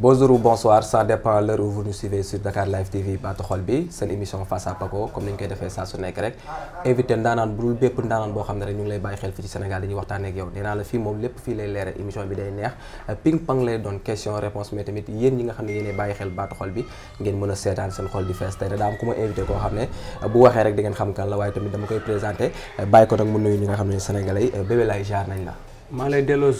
bonjour ou bonsoir ça dépend l'heure où vous nous suivez sur Live TV baatu xol bi seen émission face Paco comme ni koy defee saa su nekk rek invité ndaanaan bu bépp ndaanaan boo xam ne rek ñu ngi lay bàyyi xel baatu xol bi ngeen mën a seetaan seen xol di fees tey daa am ku ma invité koo xam ne bu waxee rek di xam kan la waaye tamit dama koy présenté bàyyi ko nag mu nuyu ñi nga xam ne Sénégalais bébé lay jaar nañ la maa lay delloo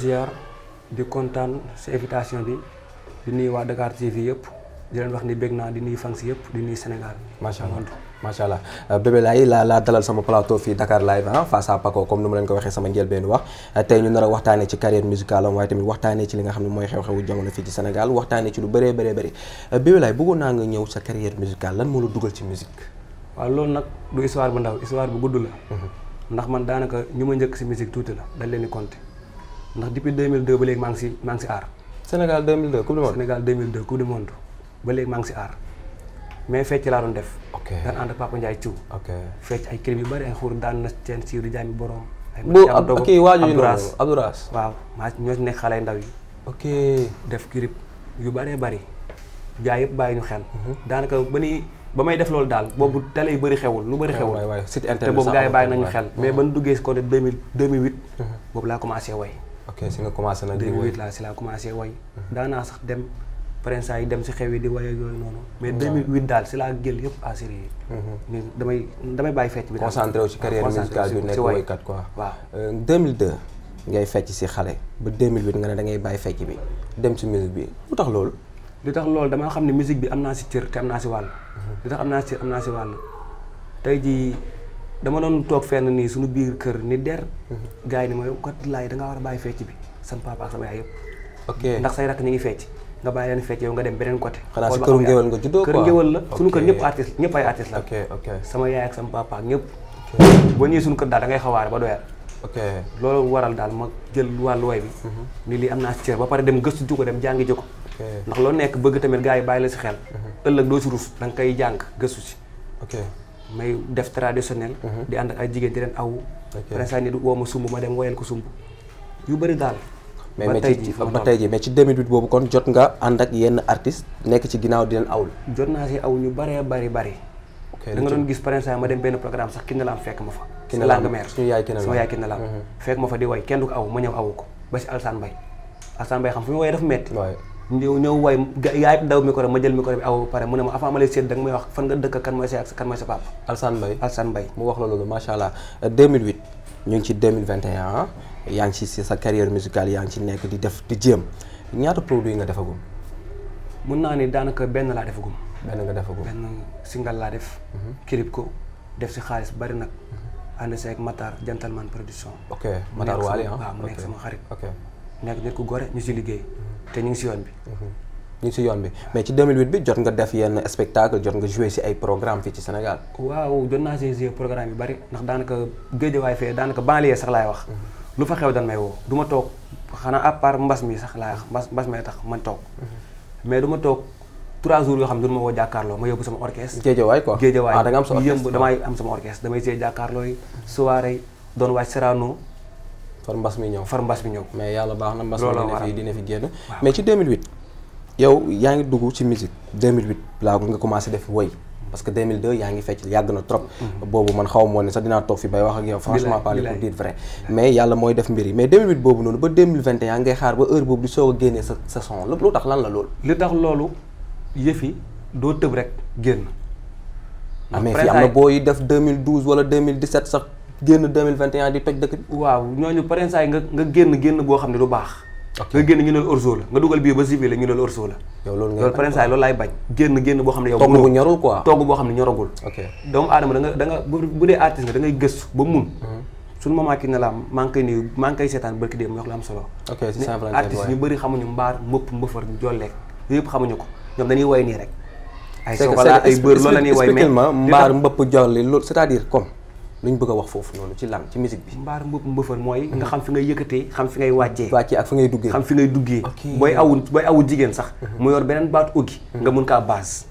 di nuyu waa Dakar TV yëpp di leen wax ni bég naa di nuyu fans yëpp di nuyu Sénégal. macha allah macha laa euh, laa dalal sama plateau fii Dakar live ah face à comme ni ma leen ko waxee sama njëlbeen wax euh, tey ñu nar a waxtaanee ci carrière musicale am waaye tamit waxtaanee ci li nga xam ne mooy xew-xewu jamono fii ci Sénégal waxtaanee ci lu bëree bëree bëri euh, bébé bëggoon naa nga ñëw sa carrière musicale lan moo la dugal ci musique. waaw loolu nag mhm. ma njëkk Sénégal 2002 coupe du monde Sénégal 2002 ba léegi maa ngi si aar mais fecc laa doon def. ok daan ànd ak Papa Ndiaye fecc ay crib yu bëri ay xuur daan na seen si di jaami borom. ay mën ab dogo Abdouraas Abdouraas waaw maa ñoo nekk xale ndaw yi. def kirip yu bëree bëri gars yëpp bàyyi ñu xel. Mhm. daanaka ba ni ba may def loolu daal boobu télé yu bëri xewul lu bëri xewul. te boobu gars yi bàyyi nañu xel. mais mhm. ba nu duggee si côté deux mille mhm. boobu laa commencé way ok si nga commencé nag. di woy 2008 laa si laa commencé woy. Mhm. daanaa sax dem prince yi dem si xew yi di woy yooyu noonu. mais 2008 daal si laa jël yëpp à sérieux. ni mhm. damay bàyyi fecc bi. concentré euh, ngay fecc si xale ba 2008 nga ne da ngay bàyyi fecc bi dem si musique bi lu tax loolu. li tax loolu dama xam ne musique bi am naa si cër te am naa si wàll. Mhm. li tax am naa si cër am naa si wàll tey jii. dama doon toog fenn nii suñu biir kër ni der gars yi ni ma yow kat laay da ngaa war a bàyyi fecc bi sama papa ak sama yaay yëpp ndax say rakk ñu ngi fecc nga bàyyi leen fecc yow nga dem beneen côté xanaa si këru ngéwël nga juddoo kër ngéwël la suñu kër ñëpp ay artiste la sama yaay ak sama papa ak ñëpp ba ñëwee suñu kër daal da ngay xawaare ba doyal ok loolu waral daal ma jël wàllu way bi mhm. ni lii am naa si cër ba pare dem gëstu ji ko dem jàngi ji ko ndax loo nekk bëgg tamit gars yi bàyyi la si xel mhm. ëllëg doo si rus da nga koy jàng gëstu si ok may def traditionnel. Mhm. di ànd ak ay jigéen di leen awu. ok nit woo ma sumb ma dem woyal ko sumb yu bëri daal. ba tey jii ba tey jii mais ci boobu kon jot nga ànd ak yenn artiste nekk ci ginnaaw di leen awul. jot naa si aw ñu bëree bëri bëri. da nga doon gis par ma dem benn programme sax Kiné fekk ma fa. Kiné Lam suñu yaay Kiné Lam sama yaay Kiné fekk ma fa di woy kenn ko aw ma ñëw awu ko ba si Alsane Mbaye Alsane Mbaye xam fu ñu woyee dafa metti ñëw ñëw way gaa yëpp daw micro ma jël micro bi aw mu ne ma avant ma lay seet da nga may wax fan nga dëkk kan mooy sa kan mooy sa papa. Alsane Mbaye Alsane Mbaye mu wax la loolu macha allah 2008 euh, ñu ngi ci 2021 yaa ngi ci sa carrière musicale yaa ngi ci nekk di def di jéem ñaata produit nga defagum. mun naa ni daanaka benn laa defagum. benn nga defagum benn single laa def. Mhm. clip ko def si xaalis bari nag. Mhm. ànd si ak Matar Gentleman production. ok Matar Waly ah waaw mu nekk sama xarit. ok nekk nit ku gore ñu si liggéey. te ñu ngi si yoon bi. ñu ngi si yoon bi mais ci 2008 bi jot nga def yenn spectacle jot nga joué si ay programme fii ci Sénégal. waaw jot naa si joué programme yu bari ndax daanaka géejewaay fee daanaka banlieue sax laay wax. lu fa xew dan may woo du ma toog xanaa à part mbas mi sax laay wax mbas mbas may tax man toog. mais du ma toog trois jours yoo xam ne du ma woo jàkkaarloo ma yóbbu sama orchestre. géejewaay quoi géejewaay ah da nga am sa orchestre yëmb damay am sama orchestre damay see jàkkaarloo yi soirée doon waaj Serrano. far mbas mi ñëw far mbas mi ñëw mais yàlla baax na mbas mi dina fi dina fi génn mais ci 2008 yow yaa ngi dugg ci musique 2008 laa nga commencé def woy parce que 2002 yaa ngi fecc yàgg mhm. boobu man xaw moo ne sax dinaa toog xaar ba heure boobu di soog a génnee sa sa lu tax lan la loolu li tax loolu yëf doo tëb rek génn ah, génn 2021 di toj dëkk waaw ñooñu parents yi nga génn génn boo xam ne lu baax. nga génn ñu ne la orso la nga dugal bii ba zibi ñu ne la orso la. yow loolu nga loolu parents yi ne yow. togg bu ñorul quoi togg boo xam ne ñoragul. ok doomu aadama da nga da nga bu dee artiste nga da ngay ba mun. Mhm. suñu maman ki ne la maa ngi koy nuyu maa ngi seetaan barki dem wax la am solo. ok si saa artiste ñu bëri xamuñu mbaar mbëpp mbëfar jolleek yëpp xamuñu ko ñoom dañuy woy nii rek ay soxla ay bër loolu la ñuy woy mais mbaar mbëpp jolli luñ bëgg a wax foofu noonu ci lan ci musique bi mbaar mbëpp mbëfër mooy nga xam fi ngay yëkkatee xam fi ngay wàccee wàccee ak fi ngay duggee xam fi booy awu booy awu jigéen sax mhm. mu yor beneen baat ugi mhm. nga mun kaa base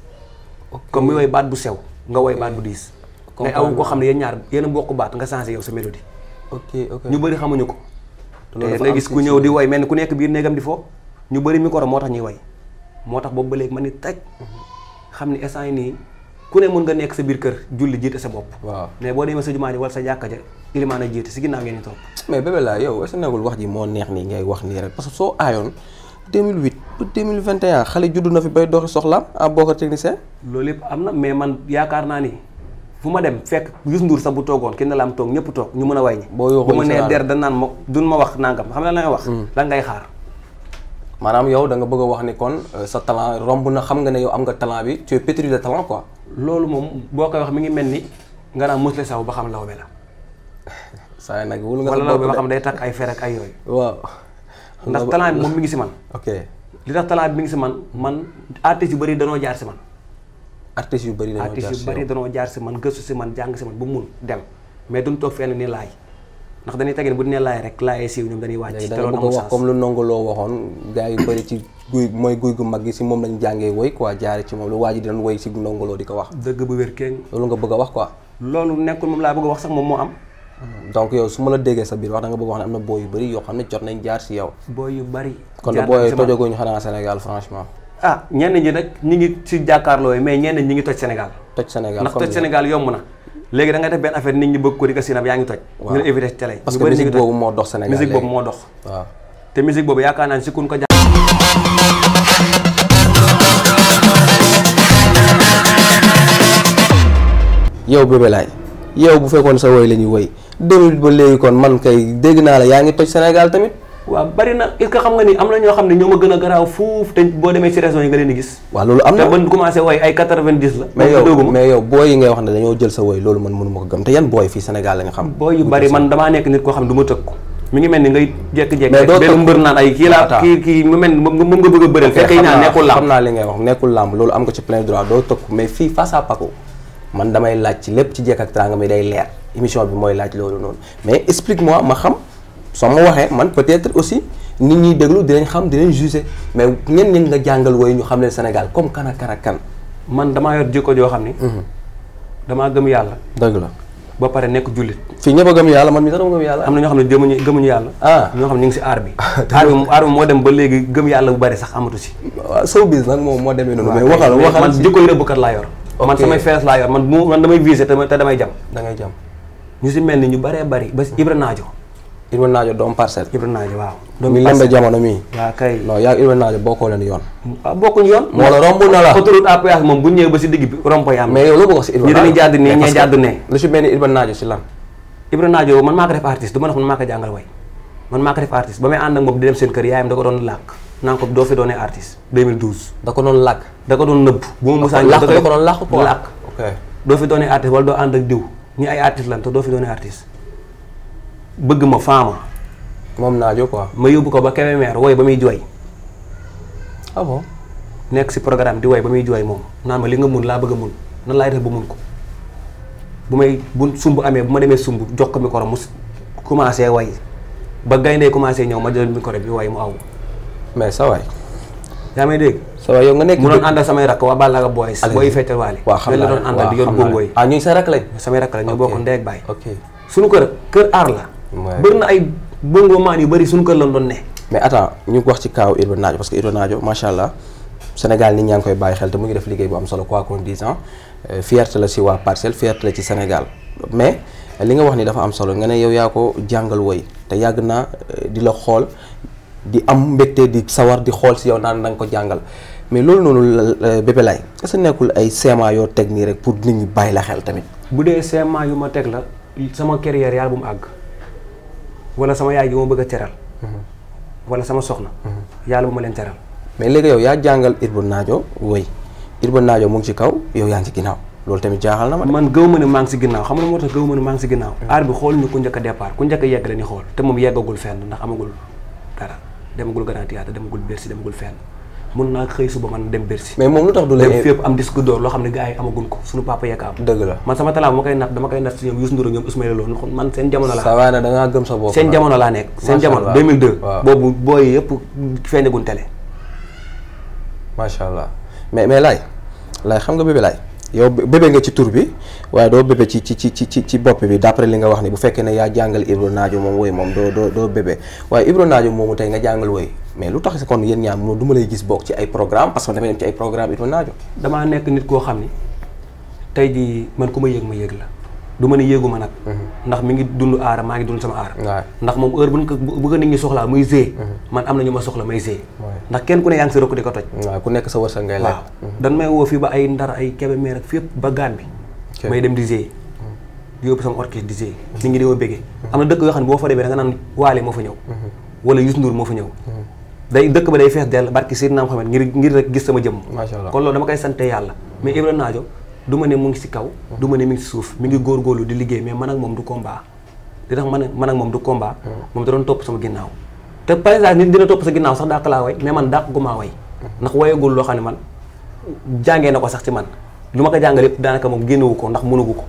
comme muy woy bu sew nga woy baat bu diis ngay awu koo xam ne yéen ñaar yéen a bokk baat nga changé yow sa mélodie ok ok ñu bëri xamuñu ko te nga eh, gis ku ñëw di woy mel ni ku nekk biir néegam di foo ñu bëri micro moo tax ñuy way moo tax boobu ba léegi ma ni taj mhm. xam ni instant yi nii ku ne mun nga nekk sa biir kër julli jiite sa bopp waaw mais boo demee sa jumaa ji wala sa jàkka ja ilimaan a jiite si ginnaaw ngeen di mais bébé laa yow est-ce que nekkul wax ji moo neex nii ngay wax nii rek parce que soo aayoon 2008 ba 2021 xale juddu na fi bay doxi soxlaam a bokk technicien loolu yëpp am na mais man yaakaar naa ni fu ma dem fekk Youssou Ndour sax bu toogoon kenn la am toog ñëpp toog ñu mën a wàññi bu ma nee der da ma duñ ma wax nangam xam ne la ngay wax mm. lan ngay xaar maanaam yow da nga bëgg a wax ni kon euh, sa talent romb na xam nga ne yow am nga talent bi tu es pétri quoi loolu moom boo koy wax mi ngi mel ni nga naan musle saw ba xam lawbe la. saa nag wul nga. wala ba xam day takk ay fer ak ay yooyu. ndax talent bi moom mi ngi si man. ok li tax talent bi mi ngi si man man artistes yu bari danoo jaar si man. artistes yu bari danoo jaar si man artistes danoo jaar si man gëstu si man jàng si man ba mun dem mais duñ toog fenn ni laay. ndax dañuy tageen bu dine laay rek laayee siiw ñoom dañuy wàcc te loolu wax comme lu nongu loo waxoon gars yu bëri ci guy mooy guy gu mag gi si moom lañ jàngee woy quoi jaare ci moom lu waa ji di doon woy si nongu loo di ko wax dëgg bu wér kéeng loolu nga wax quoi loolu nekkul a wax sax moom moo am donc la déggee sa biir wax da nga bëgg wax ne na booy yu bëri yoo xam ne jot nañ jaar si yow booy yu bëri kon na booy tojoguñu xanaa Sénégal franchement ah ñenn ñi nag ñi ngi si jàkkaarloo mais ñenn ñi ngi toj Sénégal toj Sénégal ndax toj Sénégal yomb na léegi da nga def benn affaire nit ñi bëgg ko di ko sinab yaa ngi toj ñu la éviter télé parce te musique boobu yaakaar naa ko jàng yow Bébé yow bu fekkoon sa woy la woy 2008 ba léegi kon man kay dégg naa la yaa ngi toj Sénégal tamit waaw bari na est-ce xam nga ni am na ñoo xam ne ñoo ma gën a garaaw fuuf te boo demee ci régions yi nga leen di gis. waaw loolu am na te ban commencé woy ay quatre-vingt-dix la. mais yow booy yi ngay wax ne dañoo jël sa woy loolu man mënu ma ko gëm te yan booy fii Sénégal la nga xam. booy yu bari man damaa nekk nit koo xam du ma tëkk. mi ngi mel ni ngay jékki-jékki benn mbër naan ay kii laa kii a bëreel fekk yi naan nekkul ci plein droit doo tëkk mais fii face à man damay laaj ci lépp ci jekk ak teraanga mi day leer émission bi mooy laaj loolu noonu mais soo ma waxee man peut-être aussi nit ñuy déglu dinañ xam dinañ juger mais ñen ñi nga jàngal wooyu ñu xam ne Sénégal comme kan ak kan kan man damaa yor jikko joo xam ne mhm. damaa gëm yàlla dëgg la ba pare nekk jullit fii ñëpp a gëm yàlla man mi sax dama gëm yàlla am na ñoo xam ne gëmuñu ah. ne ñu ngi si moo dem ba léegi gëm yàlla bu bari sax amatu si waaw sow bis nag moo demee noonu mais waxal waxal man jikko yi rëbbkat laa yor man samay fees laa yor man mu man damay visé te damay jam da jam ñu si mel ni ñu baree bari ba si mm. Ibra Naajo Ibrahima Naajo doomu parcelle. Ibrahima Naajo waaw. doomu parcelle mi lembe jamono mii. waaw kay non yaa Ibrahima Naajo bokkoo leen yoon. ah yoon. moo la romb na la autoroute à péage bu ñëwee ba si digg bi romb yi a si man maa jàngal way man maa def artiste ba may ànd ak moom di dem seen kër yaayam da ko doon làkk naan ko doo fi doonee artiste 2012. da ko doon làkk da ko doo fi doonee ànd ak diw ñi ay artiste lan te doo fi doonee artiste bëgg ma faama. moom naajo quoi. ma yóbbu ko ba Kébémer woy ba muy jooy. ah nekk si programme di woy ba muy jooy moom naan ma li nga mun laa bëgg a mun nan laa def ba ko bu may bu sumb amee bu ma demee sumb jox ko micro mu commencé way ba gayndee commencé ñëw ma jël micro bi way mu aw. mais sa waay. yaa may dégg. sa waay yow nga nekk mu doon àndal samay rakk waa Ballaga Boys. ak booy fecce waale. waaw xam naa xam naa doon àndal di yor góngooy. ah ñuy sa rakk lañ. samay rakk lañ ñoo baay. ok suñu kër kër aar la. bëri na ay bongo maan yu bari suñu kër lañ doon ne. mais attends ñu wax ci kaaw Ibrahima Naajo parce que Ibrahima Naajo macha allah Sénégal nit ñaa ngi koy bàyyi xel te mu ngi def liggéey bu am solo quoi qu'on dise euh, fierté la si waa parcelle fierté la ci Sénégal mais li nga wax ni dafa am solo nga ne yow yaa ko jàngal woy te yàgg naa euh, di la xool di am mbégte di sawar di xool si yow naan da nga ko jàngal mais loolu noonu euh, Bébé Laye est sa nekkul ay CMA yoo teg nii rek pour nit ñi bàyyi la xel tamit. bu dee CMA yu ma teg la sama carrière yàlla bu mu àgg. wala sama yaay gi moom bëgg a teral mhm. wala sama soxna mhm. yàlla bu ma leen teral mais léegi yow yaa jàngal Irbou Nadio woy Irbou Nadio mu ngi ci kaw yow yaa ngi ci ginnaaw loolu tamit jaaxal na ma man gëw ma ne maa ngi si ginnaaw xam nga moo tax gëw ma ne maa ngi si ginnaaw mhm. aar bi xool ñu ku njëkk a départ ku njëkk a yegg la ni xool te moom yeggagul fenn ndax amagul dara demagul garantie te demagul Bercy demagul fenn mun naa xëy suba man dem Bercy mais moom lu tax du la dem am disque d'or loo xam ne gars yi amaguñ ko suñu papa yekk am dëgg la man sama talent ma koy nat dama koy nat si ñoom Youssou Ndour ñoom Ismaïla Lo man seen jamono laa waaye nag gëm sa bopp seen jamono laa nekk seen jamono 2002 boobu booy yëpp feeñaguñ télé macha allah mais mais laay laay xam nga bébé laay yow bébé nga ci tur bi waaye doo bébé ci ci ci ci ci bopp bi d'après li nga wax ni bu fekkee ne yaa jàngal Ibro Naajo moom woy moom doo doo doo bébé waaye Ibro Naajo moomu tey nga jàngal woy mais lu tax si kon yéen ñaar moom du ma lay gis bokk ci ay programme parce que damay dem ci ay programme Ibro Naajo damaa nekk nit koo xam ni tey di man ku ma yéeg ma yéeg la du mën a yéeguma nag mhm. ndax mi ngi dund aara maa ngi dund sama aara ndax moom heure bu ko bu ko nit ñi soxlaa muy zee mhm. man am na ñu ma soxla may zee ndax kenn ku ne yaa ngi sa rëkk di ko toj ku nekk sa wërsëg ngay laaj dan may woo fii ba ay ndar ay Kébémer fépp ba gaan bi may dem di zee mhm. yóbbu sama orchestre di zee nit ñi ma am na dëkk yoo xam ne boo fa demee nga naan waale moo fa ñëw wala Youssou Ndour moo fa ñëw day dëkk ba day fees dell barki Seydina Muhammad ngir ngir rek gis sama jëmm kon loolu dama koy sante yàlla mais Ibrahima Naajo du ma ne mu ngi si kaw du ma ne mu ngi si suuf mi ngi góorgóorlu di liggéey mais man ak moom du combat li tax man man ak moom du combat moom da doon topp sama ginnaaw te par exemple nit dina topp sa ginnaaw sax dàq laa way mais man dàq gumaa way ndax wayagul loo xam ne man jàngee na ko sax man lu ma ko jàngal yëpp daanaka moom génnewu ko ndax mënugu ko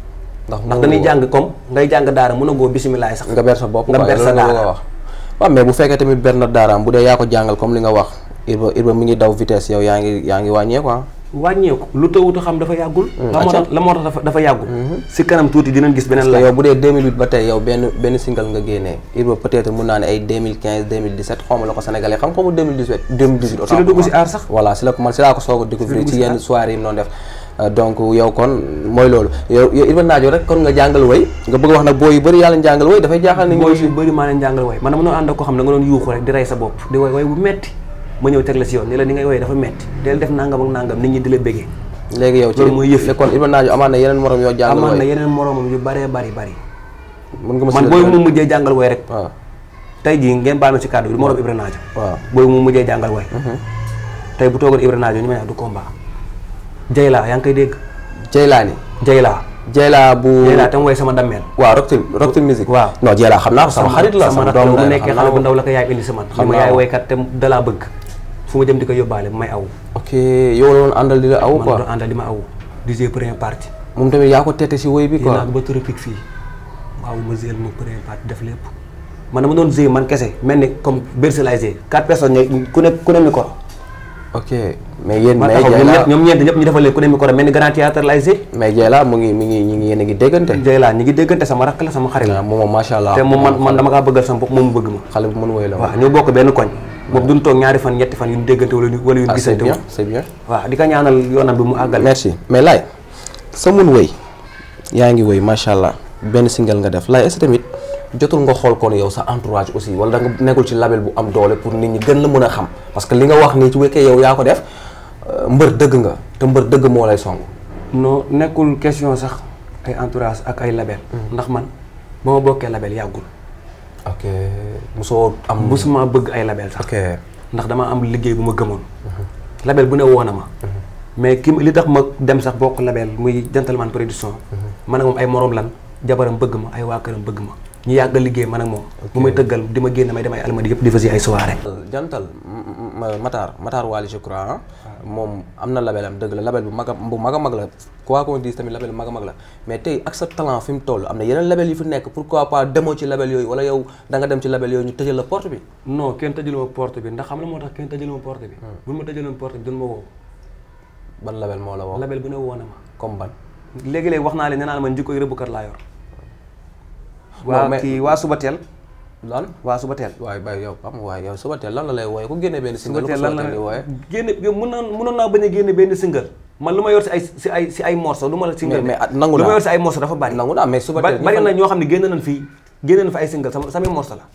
ndax dañuy jàng comme ngay jàng daara mën a goo bisimilaay sax nga ber sa bopp nga ber sa bu fekkee tamit ber na daaraam bu dee yaa ko jàngal comme li nga wax irba irba mi ngi daw vitesse yow yaa ngi yaa ngi ah. wàññeeku lu tawut a xam dafa yàggul. Mm. la moo tax la moo tax dafa yàggul. Mm-hmm. si kanam tuuti dinañ gis beneen la yow bu dee 2008 ba tey yow benn benn single nga génnee Iba peut-être mun naa ne ay 2015 2017 xaw ma la ko sénégalais xam xaw ma 2018 2018. si la dugg si aar sax voilà si la ko man si ko soog a découvrir ci yenn soirée yi mu def. Euh, donc yow kon mooy loolu yow yow Iba Naajo rek kon nga jàngal way nga bëgg wax nag booy yu bëri yàlla jàngal way dafay jaaxal. ni booy yu ma ñëw teg la si yoon ni la ni ngay woyee dafa metti del def nangam ak nangam nit ñi di la béggee léegi yow ci mooy yëf kon Iba Naajo amaan na yeneen morom yoo jàngal amaan na yeneen moromam yu bëree bëri bëri man booy mu mujjee jàngal woy rek waaw tey jii ngeen baal ma si kàddu du morom Iba Naajo waaw booy mu mujjee jàngal woy mhm. tey bu toogoon Iba Naajo ñu may du combat Jayla yaa ngi koy dégg Jayla ni Jayla Jayla bu Jayla tam woy sama dammeel waaw rocktil rocktil musique waaw non Jayla xam naa ko sama xarit la sama doom bu nekkee xale bu ndaw la ko yaay indi si man xam ma yaay woykat te dalaa bëgg fu ma dem di ko yóbbaale may aw. ok yow la doon àndal di la aw quoi man doon àndal di ma aw. di jouer première partie. moom tamit yaa ko tette si woy bi quoi ba fii a ngi déggante. Dieyla ñu ngi ah, te moom man man dama kaa bëggal sama bopp moom mu bëgg ma. xale bu mën woy la waaw ñoo bokk benn koñ. boobu duñ toog ñaari fan ñetti fan yu ñu déggante wala yu wala yu ah, gisante ah c'est bien waaw di ko ñaanal yoonam bi mu àggal merci mais laay sa mun wëy yaa ngi wëy macha allah benn single nga def laay est-ce que tamit jotul nga xool kon yow sa entourage aussi wala da nga nekkul ci label bu am doole pour nit ñi gën la mën a xam parce que li nga wax nii ci wekkee yow yaa ko def euh, mbër dëgg nga te mbër dëgg moo lay song non nekkul question sax ay entourage ak ay label mm-hmm. ndax man ba bokkee label yàggul ok mosoo am. mosuma bëgg ay label sax. ndax dama am liggéey bu ma gëmoon. Mhm. label bu ne woo na ma. Mhm. mais ki li tax ma dem sax bokk label muy gentleman production. Mhm. man ak moom ay morom lan jabaram bëgg ma ay waa këram bëgg ma ñu yàgg liggéey man ak moom. mu may tëggal di ma génn may dem ay almadi yëpp di fas ay soirée. jantal Matar Matar Wali je ah. moom am na labelam dëgg la label bu mag a bu mag a mag la quoi qu'on dise tamit label mag a mag la mais tey ak sa talent fi mu am na yeneen label yi fi nekk pourquoi pas demoo ci label yooyu wala yow da nga dem ci label yooyu ñu tëjal la porte bi non kenn tëjal ma bi ndax xam la moo tax kenn tëjal ma porte bi hmm. bu ma tëjaloon porte bi doon ma woo ban label moo la woo label bu ne woo na ma comme ban léegi-léegi wax naa leen lan waa suba teel waaye bay yow pam waaye yow suba teel lan la lay wooye ku génne benn single suba la na mënoon naa bañ a génne benn single man lu ma yor si ay si ay lu ma la single mais ah, nangu naa lu ma yor si ay dafa bari nangu naa mais suba na ñoo xam ne génne nañ fii génne nañ fi ay single sama samay la la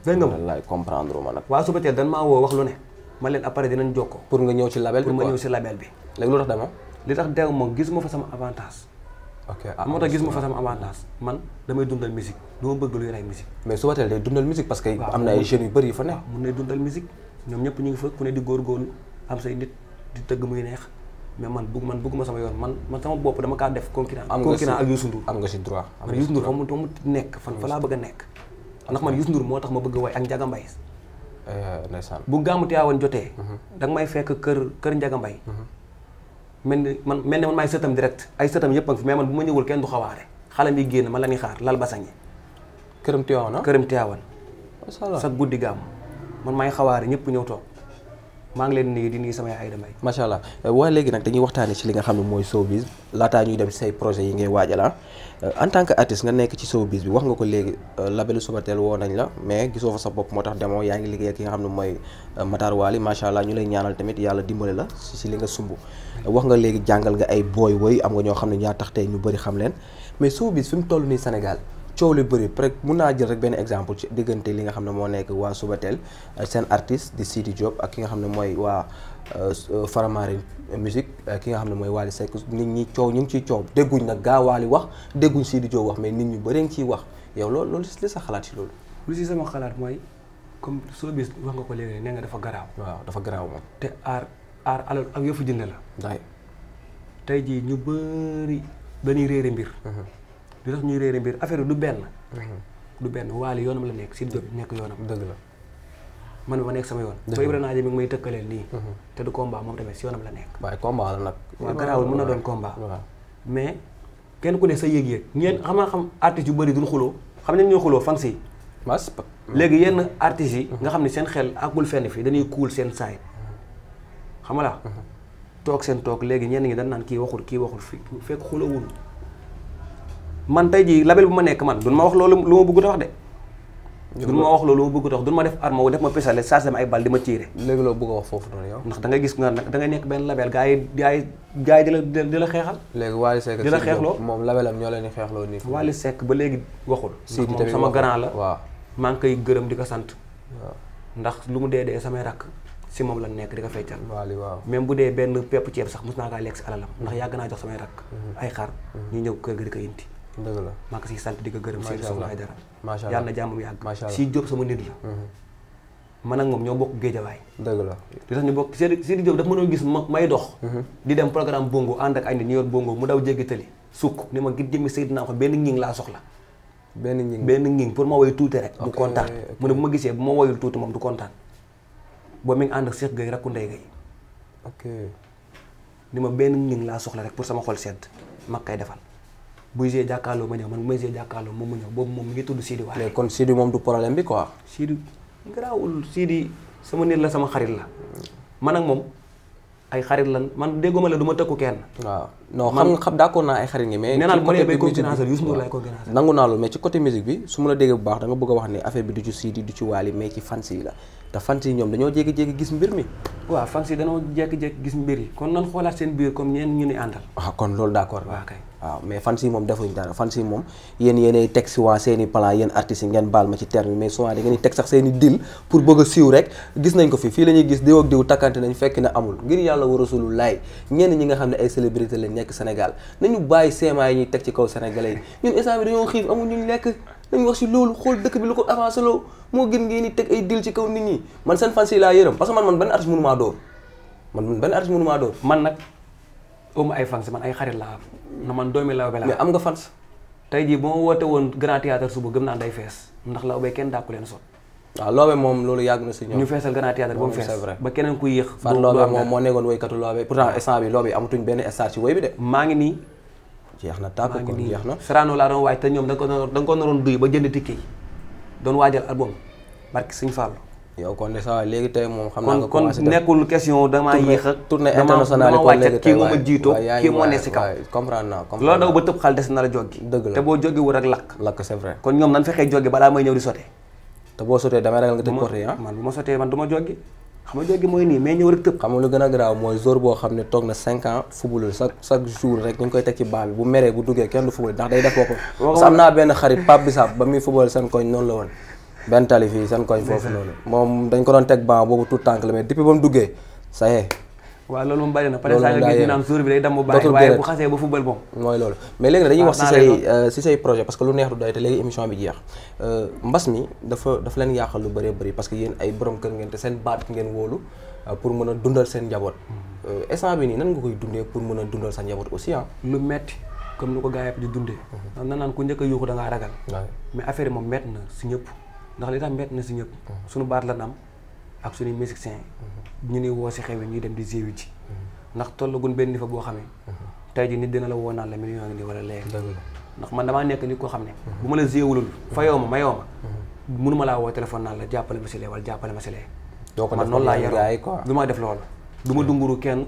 dégg nga wallaay comprendre ma nag waa suba teel dañ maa woo wax lu ne man leen après dinañ jokkoo pour nga ñëw ci label bi pour nga ñëw si label bi léegi lu tax dama li tax dew ma gis ma fa sama avantage ok ah, moo tax gis ma fa sama avantage ah, man damay dundal musique du ma bëgg luy rey musique. mais suba teel day dundal musique parce que am na ay jeunes yu bëri yu fa nekk. mun nay dundal musique ñoom ñëpp ñu ngi fa ku ne di góorgóorlu am say nit di tëgg muy neex mais man bëgg man bëgguma sama yoon man man sama bopp dama kaa def concurrent concurrent ak Youssou Ndour am nga mu fa mu nekk fan fa laa bëgg a nekk ndax man Youssou Ndour moo tax ma bëgg a way ak Ndiaga Mbaye eh, ndeysaan bu gàmmu Tiwaawan jotee mhm. da may fekk kër kër Ndiaga Mbaye mhm. mel ni man mel ni man maay sëtam direct ay sëtam yëpp a ngi fi mais bu ma ñëwul kenn du xawaare xale mi génn ma la ñuy xaar lal basañe këram Tiwaawan ah këram Tiwaawan. macha allah sa guddi gàmm man maay xawaare ñëpp ñëw toog maa ngi leen nuyu di nuyu sama yaay Aïda Mbaye macha allah euh, waaye léegi nag dañuy waxtaanee ci li nga xam ne mooy showbiz laataa ñuy dem say projet yi ngay waajal ah. euh, en tant que artiste nga nekk ci showbiz bi wax nga ko léegi euh, labelu Subatel woo nañ la mais gisoo fa sa bopp moo tax demoo yaa ngi liggéey ak ki nga xam ne mooy Matar Wali macha allah ñu lay ñaanal tamit yàlla dimbale la ci li nga sumb wax nga léegi jàngal nga ay booy woy am nga ñoo xam ne ñaa tax tey ñu bëri xam leen mais showbiz fi mu toll nii Sénégal coow lu bëri peut être mun naa jël rek benn exemple ci diggante li nga xam ne moo nekk waa Subatel euh, seen artiste di Sidi Diop ak ki nga xam ne mooy waa euh, euh, Faramaren musique ki nga xam ne mooy Wally Seck nit ñi coow ñu ngi ciy coow dégguñ nag gaa Wally wax dégguñ Sidi Diop wax mais nit ñu bëri ngi ciy wax yow loolu li sa xalaat ci loolu. lu si sama xalaat mooy comme soo bis wax nga ko léegi nee nga dafa garaaw. waaw dafa garaaw moom. te aar aar alal ak yëfu jënd la. tey jii ñu bëri dañuy réere mbir. Mm-hmm. li tax ñuy réere mbir affaire du benn mhm. du benn waali yoonam la nekk si dëgg nekk yoonam dëgg la man ma nekk sama yoon ba Ibra Naaje mi ngi may tëkkaleel nii mhm. te du combat moom tamit si yoonam la nekk waaye combat la nag garaawul mën na doon combat mais kenn ku ne sa yëg yéeg ñeen xam nga xam artistes yu bari duñ xuloo xam ne ñoo xuloo fan si mas léegi yenn mhm. artistes yi nga xam ne seen xel akul fenn fii dañuy kuul seen saay xam nga la toog seen toog léegi ñenn ñi dañ naan kii waxul kii waxul fi fekk xulawul man tey jii label bu ma nekk man duñ ma wax loolu lu ma bëggut a wax de. duñ ma wax lu ma bëggut a wax def arme wu def ma pisale chargé ma ay bal di ma tiire. léegi loo bëgg a wax foofu noonu yow. ndax da ngay gis nga nag da ngay nekk benn label gars yi gars yi gars yi di la di la xeexal. léegi Wally Seck di la ba léegi waxul. si sama grand la waaw maa ngi koy gërëm di ko sant. ndax lu mu dee dee samay rakk si moom la nekk di ko feccal waaw même bu dee benn pepp ceeb sax mos naa kaa lekk si alalam mm-hmm. ndax yàgg naa jox samay rakk mm-hmm. ay xar mm-hmm. ñu ñëw kër di ko indi dëgg la maa ko siy sant di ko gërëm sëñ Sow dara yàlla na jàmm yàgg si Diop sama nit la mhm. man ak moom ñoo bokk géejawaay dëgg la li tax ñu bokk Sidi Sidi Diop dafa mënoon gis ma may dox mhm. di dem programme bongo ànd ak ay nit ñu yor mu daw jéggi tali sukk ni ma ngir jëmmi Seydina ko benn ñing laa soxla benn ñing benn ñing pour ma woy tuuti rek du kontaan mu ne bu ma gisee bu ma woyul tuuti moom du kontaan boobu ma ànd ak Cheikh Gueye rakku Ndeye Gueye ok ni ma benn ñing laa soxla rek pour sama xol sedd ma kay defal buy see jàkkaarloo ma ñëw man bu may see jàkkaarloo moom ma ñëw boobu moom mi ngi tudd Sidi waaye. mais kon sama nit sama xarit la man ak moom ay xarit lan man déggoo ma la du ci côté la bu baax da nga bëgg a wax ne affaire bi du ci Sidi te fans ñoom dañoo jékki-jékki gis mbir mi. waaw fans danoo dañoo jékki-jékki gis mbir yi kon nan xoolaat seen biir comme ñeen ñu ni àndal. waaw ah, kon loolu d'accord waaw kay waaw mais fans yi moom defuñ dara fans yi moom yéen yéenay teg si waa seen i plan yéen artistes yi ngeen baal ma ci terme mais souvent da ngeen teg sax seen i deal pour bëgg a siiw rek gis nañ ko fi fii la na amul ne ay célébrité nekk Sénégal nañu bàyyi seemaa yi ñuy teg ci kaw sénégalais yi ñun instant bi dañoo xiif amul ñu lekk nañ wax si loolu xool dëkk bi lu ko avancé loo moo gën ngeen teg ay deal ci parce que man man benn artiste mënumaa dóor man man nag ëmm ay fans man ay xarit laa am na man doomi lawbe laa mais am nga fans tey jii bu ma woote woon grand théâtre suba gëm naa day fees ndax lawbe kenn dàqu leen sot waaw loobe moom loolu yàgg na si ñoom ñu feesal grand théâtre ba mu fees ba keneen ku yéex fan loobe moom moo nekkoon woykatu loobe pourtant instant bi loobe amatuñ benn star ci woy bi de maa ngi nii jeex na tàkk ko jeex na Sorano laa doon waaj te ñoom da nga ko naroon duy ba jënd tikke yi doon waajal album barki Sëñ Fallu yow kon de saa léegi tey moom xam naa nga kon nekkul question damaa yéex ak tournée internationale dama moom a jiitoo kii moo ne si kaw comprendre naa comprendre loolu daw ba tëb xal des nar a joggi dëgg la te boo joggi wut ak lakk lakk c'est vrai kon ñoom nan fexee joggi balaa may ñëw di sote te boo sotee damay ragal nga tëj ah. man bu ma sotee man du ma joggi xam nga joggi mooy nii mais ñëw rek tëb xam nga lu gën a garaaw mooy jour boo xam ne toog na cinq ans fubalul chaque koy teg ci baal bu bu duggee kenn du fubal ndax day def ko xarit Pape Bissap ba muy fubal la woon benn tali fii seen koñ foofu noonu moom dañ ko doon teg ban boobu tout tànk la mais depuis ba mu duggee ça y loolu moom bari na peut saa nga gis ñu naan jour bi euh, projet parce que lu neex du doy te léegi émission bi jeex euh, mbas mi dafa dafa leen yàqal lu bëree bëri parce que yéen ay borom kër ngeen te seen baat ngeen wóolu euh, pour mën a dundal seen njaboot hmm. instant bi nii nan nga koy dundee pour mën a dundal sa njaboot aussi ah lu metti comme ni ko gars yi di ndax li tam mbett na si ñëpp mhm. suñu baat la nam ak suñu musicien mhm. ñu ni woo si xew yi ñuy dem di géewi ci mhm. ndax tollagun benn ni fa boo ne tey ji nit dina la woo naan la million ngi nii wala léegi ndax man damaa nekk nit koo xam ne bu ma la géewulul fayoo ma mayoo ma munuma laa woo téléphone naan la jàppale ma si lee wala jàppale ma si lee man noonu laa yaroo du ma def loolu du ma dunguru kenn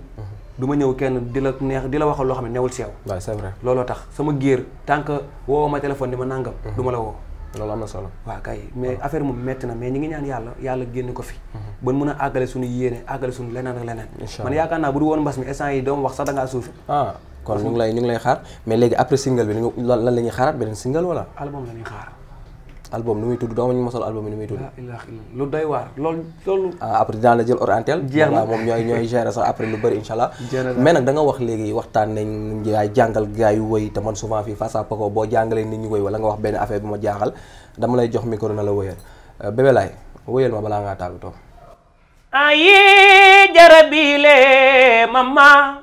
du ma ñëw kenn di la neex di la waxal loo xam ne newul seew waaw c'est vrai looloo tax sama géer tant que woo ma téléphone ma nàngam du ma woo loolu am na solo waa kay mais affaire moom metti na mais ñi ngi ñaan yàlla yàlla génn ko fi mhm. ban mën a àggale suñu yéene àggale suñu leneen ak leneen man yaakaar naa bu du woon mbas mi instant yi doom wax sax da ngaa suufi ah, kon ñu ngi lay ñu lay xaar mais léegi après single bi lan la ñuy xaaraat beneen single wala album la xaar album nu muy tudd doo ma ñu mosal album yi nu muy tudd. lu doy waar loolu loolu. Ah, après dinaa la jël orientel. jeex na moom ñooy ñooy gérer sax après lu bëri incha allah. mais nag da nga wax léegi waxtaan nañ yaay jàngal gars yu woy te man souvent fii face Paco boo jàngalee nit ñu woy wala nga wax benn affaire bi ma jaaxal dama lay jox micro na la woyal euh, Bébé Laye woyal ma balaa ngaa tàggatoo. ayi jarabile mama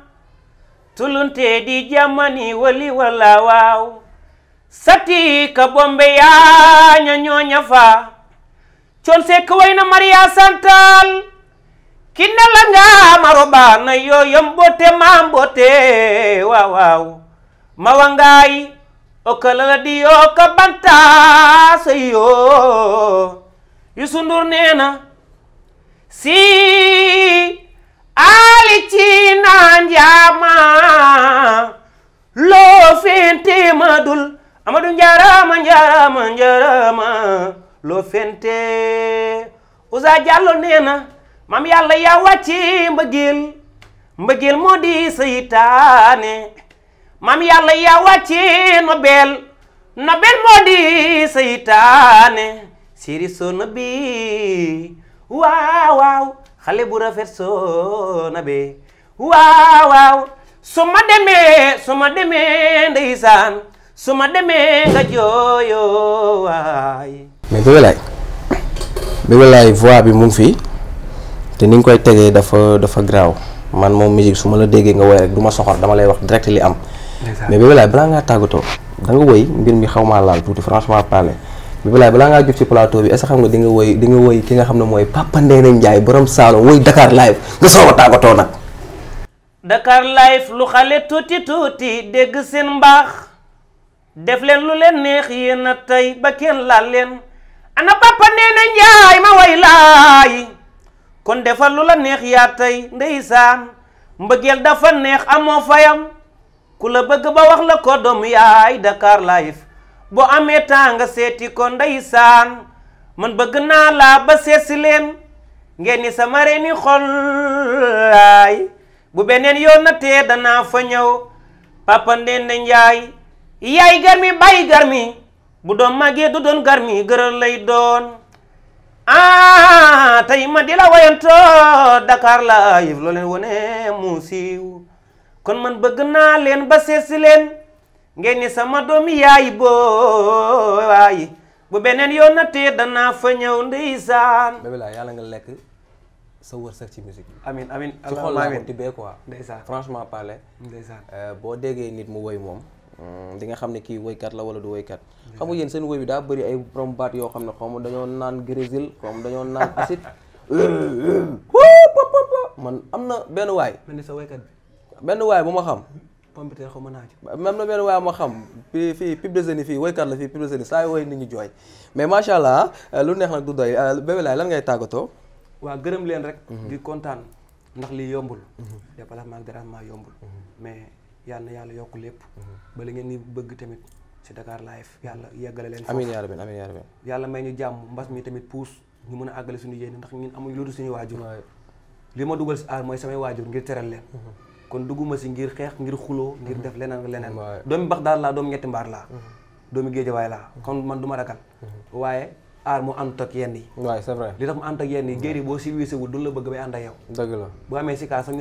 tulunte di jamani wali wala waaw. satika bombe yaña ñoña fa con sek wayna maria santal kinnalanga maro ɓana yoyom bote mam bote wawaw mawangayi o kalala ɗiyo ka banta seyo yusundur nena si ali cina njama lo fentemadul Amadou njaaraama njaaraama njaaraama loo fente Ousa Diallo nee na maam yàlla yaa wàcci mbëggeel moo di seytaane maam yàlla yaa wàcci nobel nobel moo di seytaane siri soona bi waaw waaw xale bu rafet soona be waaw waaw demee su demee ndeysaan su ma demee nga jooyoo waay. mais Bébé Laye Bébé Laye bi mu fii te ni nga koy tegee dafa dafa graaw man moom musique su ma la déggee nga woy rek du ma soxor dama lay wax direct li am. mais Bébé Laye balaa ngaa tàggatoo danga nga woy mbir mi xaw maa laal tuuti franchement parler Bébé Laye balaa ngaa jub ci plateau bi est-ce xam nga di nga woy di nga woy ki nga xam ne mooy Papa Ndeye Ndiaye borom Saalum woy Dakar live nga soog a tàggatoo nag. Dakar live lu def leen lu leen neex yéen a tey ba kenn laal leen ana papa nee na njaay ma way laay kon defal lu la neex yaa tey ndeysaan mbëggeel dafa neex amoo fayam ku la bëgg ba wax la ko doom yaay Dakar Live boo amee temps nga seeti ko ndeysaan mën bëgg naa laa ba seesi leen ngeen ni sama reeni xol laay bu beneen yoon na danaa fa ñëw papa ndeen njaay yaay garmi bàyyi garmi bu doom màggee du doon garmi gërël lay doon ah tey ma di la Dakar Live loo leen wone mu siiw man bëgg naa leen ba seesi leen ngeen ni sama doomi yaay boo waayi bu beneen yoon na tee danaa fa ñëw ndeysaan bébé laa yàlla nga lekk sa wërsëg ci musique bi amin amin ci xol euh, boo déggee nit mu woy moom Mm, di nga xam ne kii woykat la wala du woykat xam nga seen woy bi daa bari ay borom baat yoo xam ne xaw ma dañoo naan grésil xaw dañoo naan acide man am na benn waay man sa woykat bi benn waay bu ma xam pompiteer xaw ma naaj même na benn waaye ma xam fii fii Pib de fii woykat la fii Pib de saa wooy nit ñi jooy mais macha allah euh, lu neex nag du doy euh, bébé laay lan ngay tàggatoo waa gërëm leen rek mhm. di kontaan ndax lii yombul déplacement ak dérangement yombul mhm. mais yàlla na yàlla yokk lépp. Mhm. ba li ngeen ni bëgg tamit ci Dakar Live yàlla yeggale leen. amiin yaa rabbi amiin yaa rabbi yàlla may ñu jàmm mbas mi tamit puus ñu mën a àggale suñu yéene ndax ñun amuñu loolu suñu waajur. li ma dugal si aar mooy samay waajur ngir teral leen. Mhm. kon dugguma si ngir xeex ngir xuloo ngir mhm. def leneen ak leneen. doomi bax daal laa doomi ñetti mbaar laa. doomi géejawaay laa kon man du ma ragal. waaye aar mu ànd ak yenn yi. waaw c'est vrai li tax mu ànd ak yenn yi géer yi boo si wiisewul du la bëgg bay ànd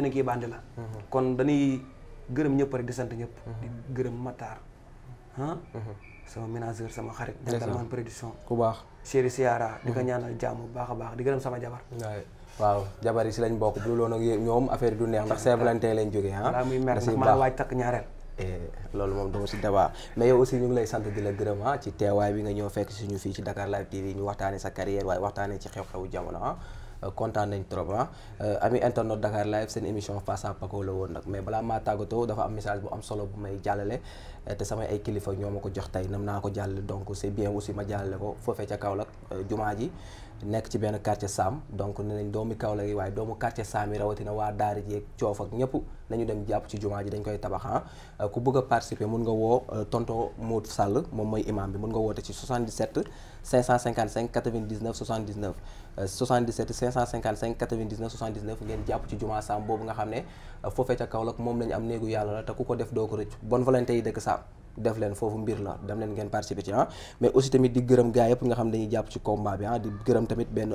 ak gërëm ñëpp rek di sant ñëpp. Mhm. di gërëm Matar ah. sama ménageur sama xarit. gentleman production ku baax. chéri siyaara di ko mhm. ñaanal jàmm bu baax a baax di gërëm sama jabar. waaw jabar yi si bokk bu loolu nag ñoom affaire yi neex ndax Saint-Valentin lañ jógee ah. daa muy mer a waaj takk ñaareel. Eh, loolu moom dama si débat mais yow aussi ñu ngi lay sant di la gërëm ah ci teewaay bi nga ñëw fekk suñu fii ci Dakar Live TV ñu waxtaanee sa carrière waaye waxtaanee ci xew-xewu jamono ah. Euh, kontaan nañ trop ah euh, ami internet Dakar live seen émission face à Paco la woon nag mais balaa maa tàggatoo dafa am message bu am solo bu may jàllale euh, te samay ay kilifa ñoo ma ko jox tey nam naa ko jàllale donc c'est bien aussi ma jàllale ko foofee ca Kaolack jumaa ji nekk ci benn quartier Sam donc ne nañ doomi Kaolack yi waaye doomu quartier Sam yi rawatina waa daara jeeg coof ak ñëpp nañu dem jàpp ci jumaa ji dañ koy tabaxan ah. euh, ku bëgg a participer mun nga woo euh, tonto Maud Sall moom mooy imam bi mun nga woote ci 77 555 99 79 77 555 99 79 ngeen jàpp ci jumaa Sam boobu nga xam ne euh, foofee ca Kaolack moom lañu am néegu yàlla la te ku ko def doo ko rëcc bonne volonté yi dëkk Sam def leen foofu mbir la dem leen ngeen participer ci ah mais aussi tamit di gërëm gars yëpp nga xam dañuy jàpp ci combat bi ah di gërëm tamit boo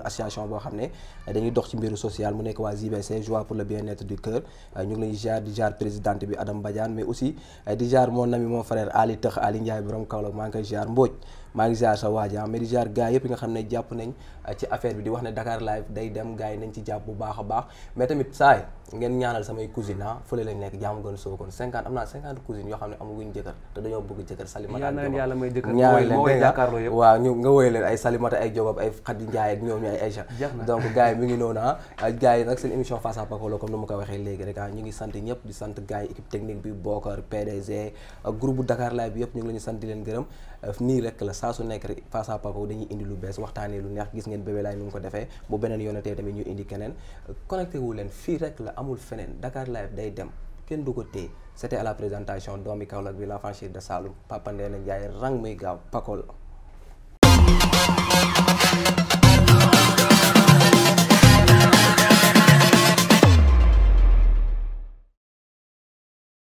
xam ne dañuy dox ci mbiru social mu nekk waa JBC joie pour le bien-être du cœur euh, ñu ngi lañu di jaar président bi Adam Badiane mais aussi euh, di jaar mon ami mon frère Ali Tëx Ali Ndiaye borom Kaolack maa ngi koy jaar maa ngi ziar sa waaja ah, mais di ziar gars yëpp nga xam ne jàpp nañ ah, ci affaire bi di wax ne Dakar live day dem gars yi nañ ci jàpp bu baax a baax mais tamit saay ngeen ñaanal samay cousine ah fële lañ nekk jaamu gën soo am ne amaguñ jëkkër te dañoo bëgg jëkkër salimata yal na leen yàlla may jëkkër ñaanal leen jàkkaarloo yëpp waaw ñu nga woy leen mi ngi noonu ah gars yi nag seen émission face à pakolo comme ni ma ko waxee léegi rek ah ñu ngi sant ñëpp di sant gars yi équipe technique bi Bokar PDG groupe Dakar live bi ñu ngi leen sant di leen gërëm Euh, nii rek la saa su nekk rek face à dañuy indi lu bees waxtaanee lu neex gis ngeen bébé laay nu mu ko defee bu beneen yoonatee tamit ñu indi keneen euh, connecté wu leen fii rek la amul feneen Dakar Live day dem kenn du ko téye c'était à la présentation doomi Kaolack bi la chéri de Saloum Papa Ndeena Ndiaye rang muy gaaw Paco la